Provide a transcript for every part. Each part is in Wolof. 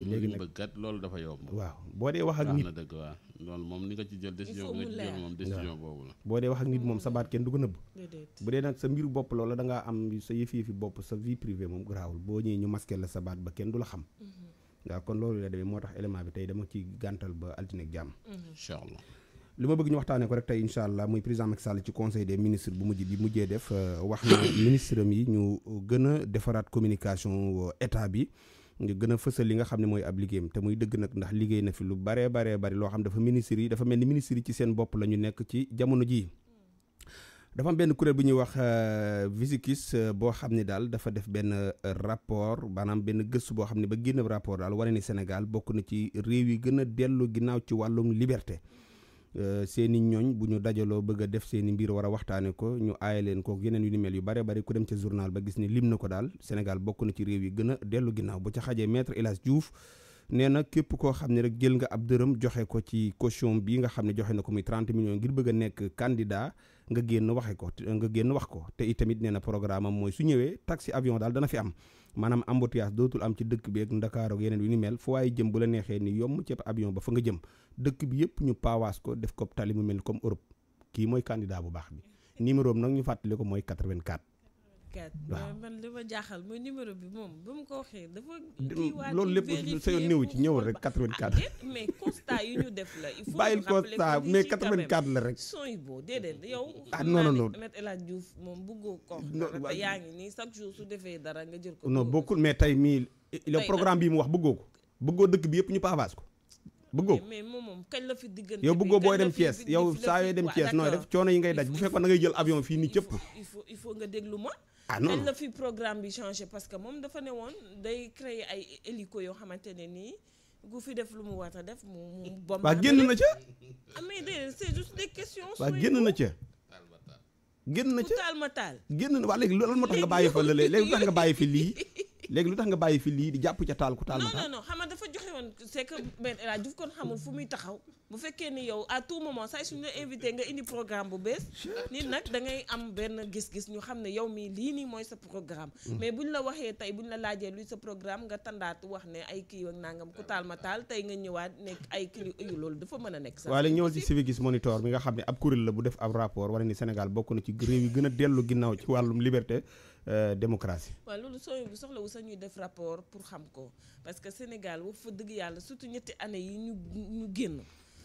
léegi loolu dafa yomb. waaw boo dee wax ak nit dëgg waaw loolu moom ni nga ci jël décision bi nga ci jël boo dee wax ak nit moom sa baat kenn ko nëbb. bu dee nag da ngaa am sa yëfi yëfi bopp sa vie boo ñëwee ñu masqué baat ba kenn du la xam. Mhm. waaw kon loolu la moo tax élément bi tey dama ci gàntal ba altine ak jàmm. Mhm. incha allah li ma bëgg ñu waxtaanee ko rek tey incha allah muy président Macky Sall ci conseil des ministres bu mujj bi mujjee def euh, wax na ministre am ñu gën a defaraat communication euh, état bi nga gën a li nga xam ne mooy ab liggéeyam te muy dëgg nag ndax liggéey na fi lu bare baree bari loo xam dafa ministre yi dafa mel ni ministre yi ci seen bopp la ñu nekk ci jamono jii dafa am benn kuréel bu ñuy wax euh, visikis euh, boo xam ne daal dafa def benn euh, rapport maanaam benn gëstu boo xam ne ba génn rapport daal wane ni Sénégal bokk na ci réew yi gën a dellu ginnaaw ci wàllum liberté Euh, seen i ñooñ bu ñu dajaloo bëgg a def seen mbir wara a ko ñu aaye leen ko yeneen yu ni mel yu bare bare ku dem ca journal ba gis ni lim na ko daal Sénégal bokk na ci réew yi gën a dellu ginnaaw bu ca xajee maître El Hadj Diouf nee na képp koo xam ne rek jël nga ab dërëm joxe ko ci caution bi nga xam ne joxe na ko muy 30 millions ngir bëgg a nekk candidat nga génn waxe ko nga génn wax ko te itamit nee na programme am mooy su ñëwee taxi avion daal dana fi am maanaam embouteillage dootul am ci dëkk bi ak Ndakaaru ak yeneen yu ni mel fu waaye jëm bu la neexee ni yomb ceeb avion ba fa nga jëm dëkk bi yëpp ñu paawaas ko def ko tali mu mel comme Europe kii mooy candidat bu baax bi numéro am nag ñu fàttali ko mooy 84 4 waaw man li ma jaaxal mooy numéro bi moom ba mu ko waxee dafa. loolu lépp sa yoon néew ci ñëwal rek 84. Ah, mais constat yu ñu la. il faut bàyyil constat mais 84 la rek. son yi boo déedéet yow. ah non non non El Hadj Diouf moom bëggoo ko. yaa ngi nii chaque jour su defee dara nga jël ko. non bokkul mais tey mii. le programme bii mu wax bëggoo ko. bëggoo dëkk bi yëpp ñu pavage ko. bëggoo mais moom moom kañ la fi diggante yow bëggoo booy dem Thiès yow saa yoo dem Thiès nooy def coono yi ngay daj bu fekkoon da ngay jël avion fii nii cëpp. il faut il faut nga déglu ma ah non la fi programme bi changé parce que moom dafa ne woon day créer ay hélico yoo xamante ne nii ku fi def lu mu war a def mu mu. bomb waa génn na ca. ah mais de c'est juste des questions. waa génn na ca. génn na ca ku taal ma taal. génn na waa léegi loolu moo tax nga bàyyi fa lële léegi lu tax nga bàyyi fi lii. léegi lu tax nga bàyyi fi lii di jàpp ca taal ku taal ma non non dafa joxe woon c'est que Ben El Hadj Diouf bu fekkee ni à tout moment saa suñu la invité nga indi programme bu bees nit nag da am benn gis-gis ñu xam ne yow mii lii nii mooy sa programme mm. mais buñ la waxee tey buñ la laajee luy sa programme nga tandaat wax ne ay kii ak nangam taal ma taal tey nga ñëwaat nekk ay kii yu loolu dafa mën a nekk sax waaye léegi ñëwal ci Civics Monitor bi nga xam ne ab kuréel la bu def ab rapport a ni Sénégal bokk na ci réew yi gën a dellu ginnaaw ci wàllum liberté Euh, démocratie. waaw loolu sooy bu soxlawu sax ñuy def rapport pour xam ko parce que Sénégal wax fa dëgg yàlla surtout ñetti année yi ñu ñu génn.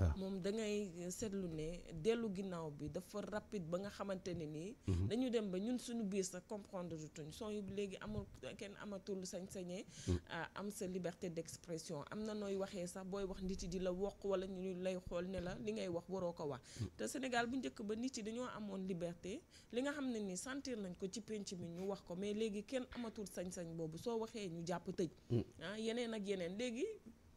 Ah. moom da ngay seetlu ne dellu ginnaaw bi dafa rapide ba nga xamante ne nii. Mhm. dañu dem ba ñun suñu biir sax comprendre du tuñ son yu léegi amul kenn amatul sañ-sañee. Mm. Ah, am sa liberté d'expression am na nooy waxee sax booy wax nit yi di la wokk wala ñu lay xool ne la li ngay wax waroo ko wax. Mm. te Sénégal bu njëkk ba nit yi dañoo amoon liberté li nga xam ne nii sentir nañ ko ci penc mi ñu wax ko mais léegi kenn amatul sañ-sañ boobu soo waxee ñu jàpp tëj. Mm. Ah, yeneen ak yeneen léegi.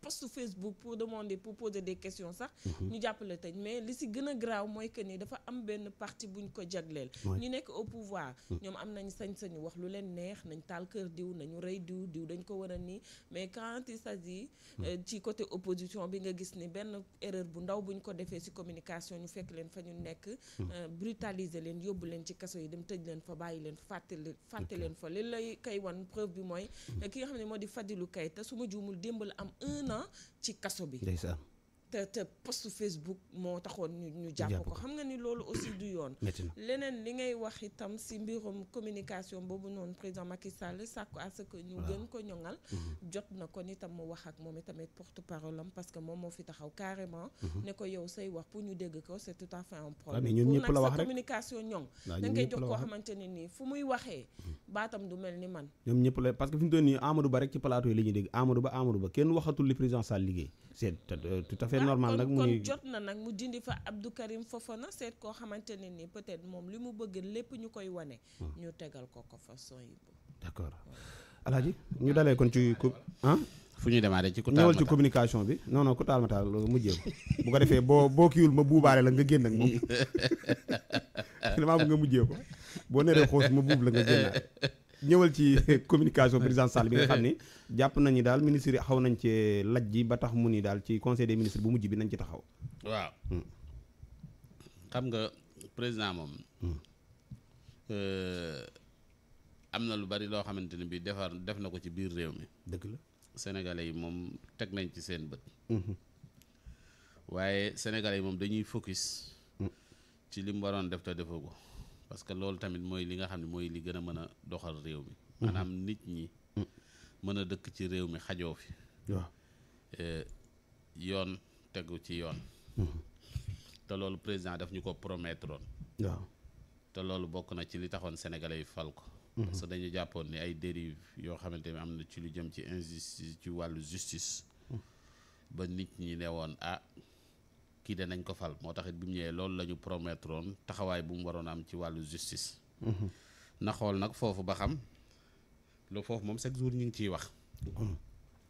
post Facebook pour demander pour poser de questions sax. Mhm. ñu jàppale tëj mais li si gën a graaw mooy que ni dafa am benn parti buñ ko jagleel. ñu nekk au pouvoir. Mm. ñoom am nañ sañ-sañu wax lu leen neex nañ taal kër diw nañu rey diw diw dañu ko war a nii mais quand il s'agit mm. euh, ci côté opposition bi nga gis ni benn erreur bu ndaw buñ ko defee si communication ñu fekk leen fa ñu nekk. Mm. Euh, brutaliser leen yóbbu leen ci kaso yi dem tëj leen fa bàyyi leen fàtte leen leen fa li lay kay wan bi mooy. ki nga xam ne moo di Fadilou su ma juumul démb am ans ci kaso bi. ndeysaan te te post Facebook moo taxoon ñu ñu jàpp ko xam nga ni loolu aussi du yoon leneen li ngay wax itam si mbirum communication boobu noonu président Macky Sall sàkku ko ñoŋal mm-hmm. jot na ko ni tam mu wax ak moom itamit porte parole am que moom moo fi taxaw carrément mm-hmm. ne ko wax ñu dégg ko c'est tout à fait un problème pour sa communication ñoŋ da jox koo xamante ne nii fu muy waxee mm-hmm. baatam du mel ni man ñoom ñëpp la parce que fi nii Amadou Ba rek ci plateau yi la ñuy dégg Amadou Ba Amadou Ba kenn waxatul li président Sall liggéey c'est euh, tout à fait ah, normal nag. mu jot na nag mu dindi fa Abdou Karim Fofana seet koo xamante ne ni peut-être moom li mu bëgg lépp ñu koy wane. Hmm. ñu tegal ko ko fa façon yi. d'accord Alaaji ñu dalee kon ci coupe ah. fu ñuy démarrer de Koutal ñëwal ci communication bi non non Koutal Matar loolu mujjee bu ko defee boo boo kiiwul ma buubaale la nga génn ak moom damaa bëgg nga mujjee ko boo neree xoos ma buub la nga génnaat. ñëwal ci communication président Sall bi nga xam ni jàpp nañu daal ministre yi xaw nañ cee laj ji ba tax mu ni daal ci conseil des ministres bu mujj bi nañ ci taxaw. waaw. Hmm. xam nga président moom. Hmm. Euh, am na lu bari loo xamante ne bii defar def na ko ci biir réew mi. dëgg la sénégalais yi moom teg nañ ci seen bët. Hmm. waaye sénégalais yi moom dañuy focus. ci li mu waroon def te defoo ko. parce que loolu tamit mooy li nga xam ne mooy li gën a mën a doxal réew mi mm-hmm. maanaam nit ñi mm-hmm. mën a dëkk ci réew mi xajoo fi waaw eh, yoon tegu ci yoon mm-hmm. te loolu président daf ñu ko promettre woon te loolu bokk na ci li taxoon sénégalais yi fal ko parce dañu jàppoon ni ay dérive yoo xamante ni am na ci lu jëm ci injustice ci wàllu justice ba nit ñi ne woon ah kii de nañ ko fal moo tax it bi mu ñëwee loolu la ñu promettroon taxawaay bu mu waroon am ci wàllu justice. Mhm. na xool nag foofu ba xam lu foofu moom chaque jour ñu ngi ciy wax. Mhm.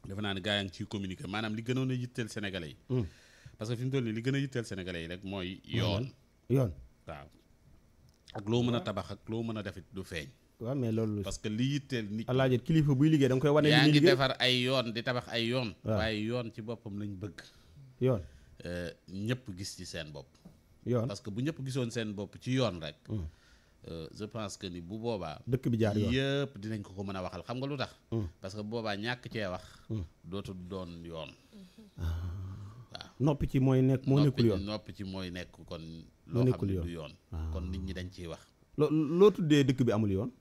defe naa ne gaa yaa ngi ciy communiquer maanaam li gënoon a yitteel sénégalais yi. Mhm. parce que fi mu toll nii li gën a yitteel sénégalais yi rek mooy. yoon yoon waaw. ak loo mën a tabax ak loo mën a defit du feeñ. waaw mais loolu parce que li yitteel nit alaaji kilifa buy liggéey da koy wane. yaa ngi defar ay yoon di tabax ay yoon. waaye ci boppam lañ bëgg. yoon Euh, ñëpp gis ci seen bopp. yoon parce que bu ñëpp gisoon seen bopp ci yoon rek. Mm. Euh, je pense que ni bu boobaa. dëkk bi jaar yoon yëpp dinañ ko ko mën a waxal xam nga lu tax. Mm. parce que boobaa ñàkk cee wax. Mm. dootul doon yoon. Ah. waaw noppi ci mooy nekk moo nekkul yoon noppi ci mooy nekk kon. loo xam ne du yoon ah. kon nit ñi dañ ciy wax. loo loo tuddee dëkk bi amul yoon.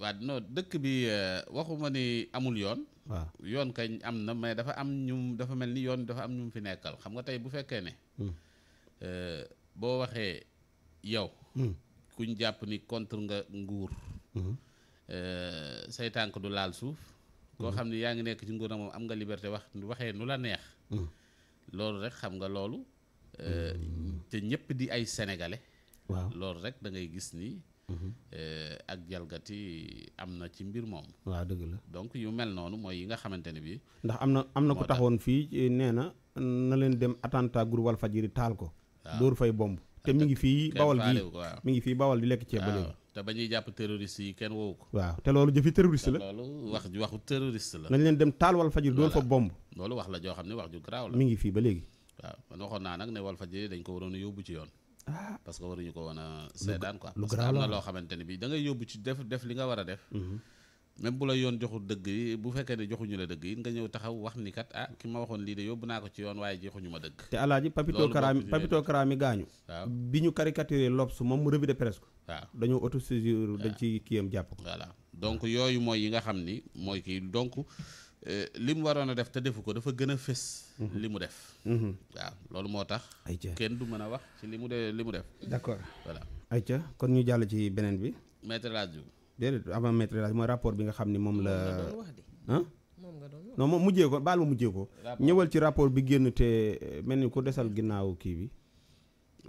waaw non dëkk bi euh, waxuma ni amul yoon. waaw yoon kañ am na mais dafa am ñum dafa mel ni yoon dafa am ñum fi nekkal xam nga tey bu fekkee ne. Hmm. Euh, boo waxee yow. Hmm. kuñ jàpp ni contre nga nguur. Hmm. Euh, say tànk du laal suuf. koo xam ne yaa ngi nekk ci nguur na moom am nga liberté wax waxee nu la neex. loolu rek xam nga loolu. Euh, te ñëpp di ay sénégalais. waaw loolu rek da gis nii Eh, ak jalgati am na ci mbir moom. waaw dëgg la donc yu mel noonu mooy yi nga xamante ne bii. ndax am na am na ko taxawoon fii nee na na leen dem attentat groupe Walfadjri taal ko. waaw dóor fay bomb. te mi ngi fii bawal gi mi ngi fii bawal di lekk ceeb ba léegi te ba ñuy jàpp terroriste yi kenn woowu ko waaw te loolu jëfi terroriste la loolu wax ju waxu terroriste la nañ leen dem taal wal fajir doon fa bomb loolu wax la joo xam ne wax ju garaaw la mi ngi fii ba léegi waaw man waxoon naa nag ne wal fajir dañ ko waroon a yóbbu ci yoon parce que waruñu ko woon a seetaan quoi parce que am loo xamante ne bi da ngay yóbbu ci def def li nga war a def mhm. même bu la yoon joxul dëgg yi bu fekkee ne joxuñu la dëgg yi nga ñëw taxaw wax ni kat ah ki ma waxoon lii de yóbbu naa ko ci yoon waaye joxuñu ma dëgg te alaaji papito karaami papito karaami gaañu waaw bi ñu caricaturé lobs moom mu revue de presse ko waaw dañoo auto saisir dañ ci kiyam jàpp ko voilà donc yooyu mooy yi nga xam ni mooy kii donc Euh, li mu waroon a def te defu ko dafa gën a fës mhm. li mu def mhm. waaw loolu moo tax kenn du mën a wax ci li mu de li mu def d'accord voilà ayca kon ñu jàll ci beneen bi maître El Hadj déedéet avant maître El mooy rapport bi nga xam ni moom la ah non moom mujjee ko baal ma mujjee ko ñëwal ci rapport bi génn te euh, mel ni ko desal ginnaaw kii bi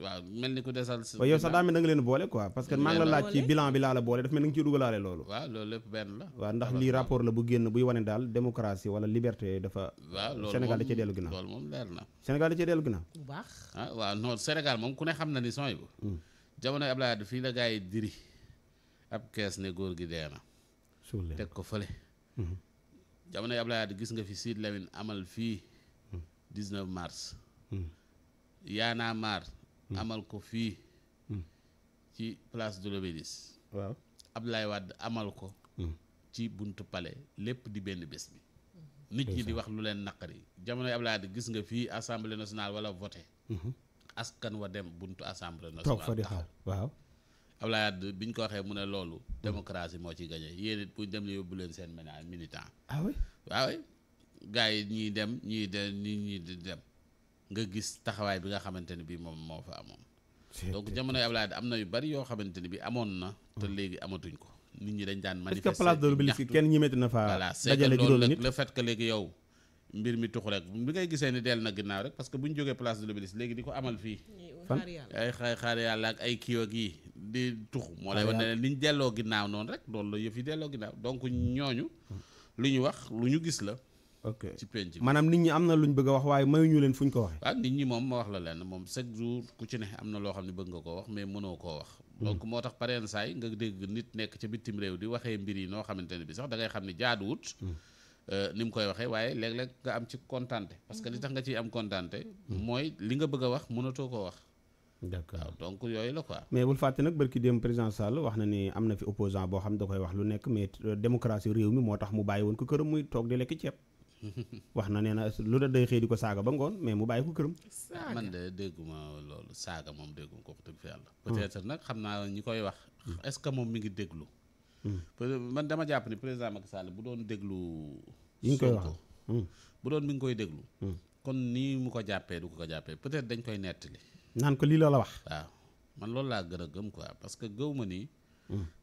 waaw mel ni ku desal sa yow sax daa mel da nga leen boole quoi parce que maa ngi la laaj ci bilan bi laa la boole daf mel na nga ciy dugalaale loolu waaw loolu lépp benn la waaw ndax lii rapport la bu génn buy wane daal démocratie wala liberté dafa waaw Sénégal da cee dellu ginnaaw loolu moom leer na Sénégal da cee dellu ginnaaw bu baax ah waaw non Sénégal moom ku ne xam na ni sony bu hmm. jamono Abdoulaye Wade fii la gars yi diri ab kees ne góor gi dee na teg ko fële hmm. jamono Abdoulaye Wade gis nga fi Sidy Lamine amal fii 19 hmm. mars yaanaa Mm. amal ko fii mm. ci place de l'Obélisque waaw Abdoulaye Wade amal ko mm. ci buntu pale lépp di benn bés bi mm-hmm. nit ñi di wax lu leen naqari jamonoy Abdoulaye Wade gis nga fii assemblée nationale wala voté mm-hmm. askan wa dem buntu assemblée nationale toog fa di xaar waaw Abdoulaye Wade biñ ko waxee mu ne loolu démocratie moo ci gañe yéen it buñ dem la leen seen ménage militant ah oui ah yi ñii dem ñii de ñii dem nga gis taxawaay bi nga xamante ne bii moom moo fa amoon. donc jamonoy Abdoulaye am na yu bari yoo xamante ne bii amoon na. te hmm. léegi amatuñ ko. nit ñi dañ daan manifester est-ce que place na fa. dajale juróomi nit le fait léegi yow. mbir mi tux rek bi ngay gisee ni dell na ginnaaw rek parce que bu ñu jógee place de l'Obélisque léegi di ko amal fii. ay xaar xaar yàlla ak ay kii ak yi di tux moo lay wane ne li ñu delloo ginnaaw noonu rek loolu la yëf yi delloo ginnaaw donc ñooñu. Hmm. lu ñu wax lu ñu gis la. ok ci maanaam nit ñi am na luñ bëgg a wax waaye mayuñu leen fuñ ko waxee. waaw nit ñi moom ma wax la leen moom chaque jour ku ci ne am na loo xam ne bëgg nga koo wax mais mënoo koo wax. Hmm. donc moo tax pareen saay nga dégg nit nekk ca bitim réew di waxee mbir yi noo xamante ne bi sax da ngay xam ne jaaduwut. Hmm. Euh, ni mu koy waxee waaye léeg-léeg am ci kontante parce que li tax nga ciy am kontante. Hmm. mooy li nga bëgg wax mënatoo koo wax. d'accord waaw donc yooyu la quoi. mais wax na ni am na fi opposant boo xam da koy wax lu nekk mais euh, démocratie réew mi moo tax mu bàyyi woon ko këram muy toog di lekk ceeb wax na nee na lu da day xëy di ko saaga ba ngoon mais mu bàyyi ko këram. man de dégguma loolu saaga moom dégguma ko wax dëgg fi yàlla. Hmm. peut nag xam naa ñi koy wax. Hmm. est-ce que moom mu ngi déglu. Hmm. man dama jàpp ni président Macky Sall bu doon déglu. yi ñu koy wax bu doon mi ngi koy déglu. kon nii mu ko jàppee du ko ko jàppee peut-être dañ koy nettali. naan ko lii la la wax. waaw man loolu laa gën a gëm quoi parce que gëw ma nii.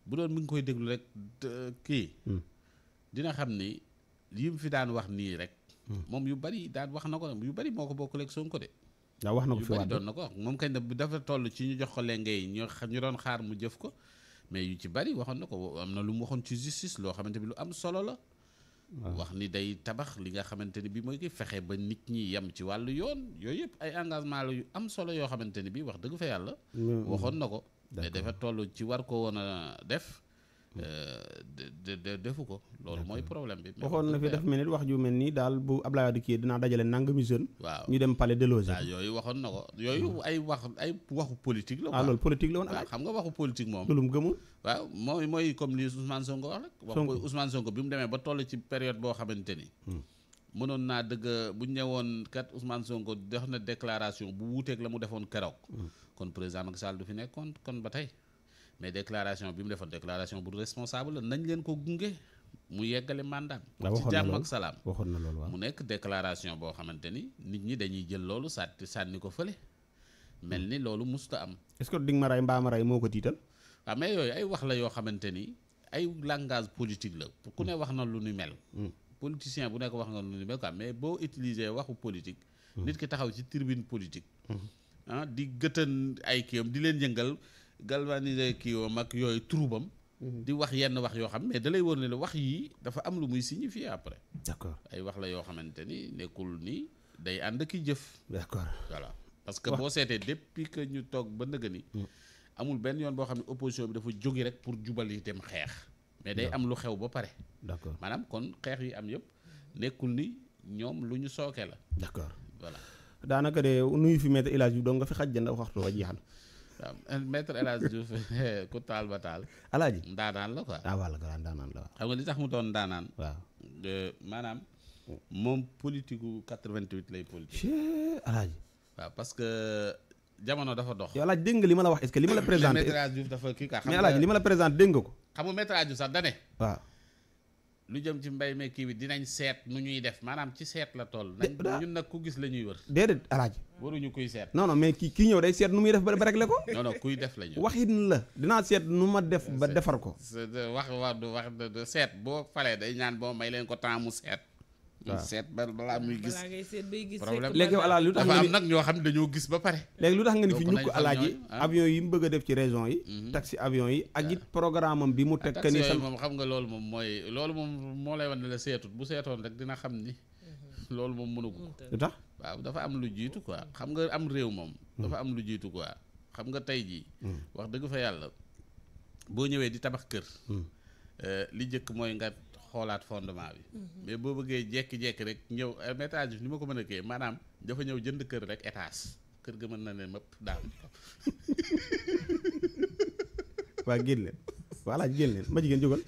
bu doon mi ngi koy déglu rek kii. dina xam ni. li mu fi daan wax nii rek. Hmm. moom yu bari daan wax na ko yu bari moo ko bokkaleeg ko de. waaw wax na ko fi waat doon na ko wax moom kañ dafa toll ci ñu jox ko lengay ñu ñu doon xaar mu jëf ko mais yu ci bari waxoon na ko am na lu mu waxoon ci justice loo xamante bi lu am solo la. Ah. wax ni day tabax li nga xamante ni bi mooy ngi fexe ba nit ñi yem ci wàll yoon yooyu yëpp ay engagement la yu am solo yoo xamante ni bi wax dëgg fa yàlla. Hmm. waxoon na ko. mais dafa toll ci war ko woon a def. Euh, de defu ko loolu mooy problème bi waxoon na fi def mel wax ju mel nii daal bu Abdoulaye Wade kii dinaa dajale nangami jeune waaw ñu dem palais déloger waaw yooyu waxoon na ko yooyu hmm. ay wax ay waxu politique la ah loolu politique la woon waaw xam nga waxu politique moom lu mu gëmul waaw mooy mooy comme li Ousmane Sonko wax rek wax Ousmane Sonko bi mu demee ba toll ci période boo xamante ni hmm. mënoon naa dëgg bu ñëwoon kat Ousmane Sonko def na déclaration bu wuuteeg la mu defoon keroog hmm. kon président Macky Sall du fi nekkoon kon ba tey mais déclaration bi mu defoon déclaration bu responsable la nañ leen ko gunge mu yeggale mandat bi ci jàmm ak salaam loolu waaw mu nekk déclaration boo xamante ni nit ñi dañuy jël loolu sàtti sànni ko fële mel hmm. ni loolu musta am est-ce que ma ray mbaa ma ray moo ko tiital waaw ah, mais yooyu ay wax la yoo xamante ni ay langage politique la ku ne hmm. wax na lu ni mel hmm. politicien bu nekk wax nga lu ni mel quoi mais boo utiliser waxu politique nit ki taxaw ci tribune politique ah galvaniser kii woom ak yooyu troubam mhm. di wax yenn wax yoo xam mais da lay wóor ne la wax yii dafa am lu muy signifier après. d'accord ay wax la yoo xamante ni nekkul ni day ànd ak i jëf. d'accord voilà parce que boo seetee depuis que ñu toog ba nëgë ni. Mm. amul benn yoon boo xam ne opposition bi dafa jóge rek pour jubali dem xeex. mais day am lu xew ba pare. d'accord maanaam kon xeex yi am yëpp nekkul ni ñoom lu ñu sooke la. d'accord voilà. daanaka de nuyu fi Maître El Hadji Diouf doo nga fi xaj jënd waxtu wa jeexal. waaw maître El Hadj Diouf ku taal ba taal. alaaji ndaanaan la quoi. ah wàll grand ndaanaan la waaw. xam nga li tax mu doon ndaanaan. waaw maanaam. moom politique gu 88 lay politique. alaaji. waaw parce que jamono dafa dox. yow alaaji dégg nga li ma la wax est li ma la présenté. mais maître El Hadj Diouf dafa kii quoi. xam nga li ma la présent dégg nga ko. xam nga maître El Hadj Diouf sax dane waaw. lu jëm ci mbay mi kii bi dinañ seet nu ñuy def maanaam ci seet la tool nañ ñun nag ku gis la ñuy wër. déedéet alaaji. waruñu kuy seet. noonu mais kii kii ñëw day seet nu muy def ba régler ko. non non kuy def la ñu. waxin la dinaa seet nu ma def ba defar ko. wax wax du wax seet boo falee day ñaan boo may leen ko temps mu seet. waaw seet ba balaa muy gis. balaa ngay seet bay gis léegi voilà lu tax nga am nag ñoo xam ne dañoo gis ba pare. léegi lu tax nga ni fi ñukk alaaji ah. avion yi mu bëgg a def ci région yi. Mm-hmm. taxi avion yi ak it ah. programme am bi mu teg. Ah, que moom xam nga loolu moom mooy loolu moom moo lay wan ne la seetut bu seetoon rek dina xam ni. Mm-hmm. loolu moom mënu ko. lu tax waaw dafa am lu jiitu quoi xam nga am réew moom. Mm-hmm. dafa am lu jiitu quoi xam nga tey jii. wax dëgg fa yàlla boo ñëwee di tabax kër. Euh, li njëkk mooy nga xoolaat fondement bi. Mhm. mais boo bëggee jékki-jékki rek ñëw eh, étage bi ni ma ko mën a kii maanaam dafa ñëw jënd kër rek étage kër ga mën na ne mëpp daanu. waa génn leen voilà génn leen ma jigéen jógal.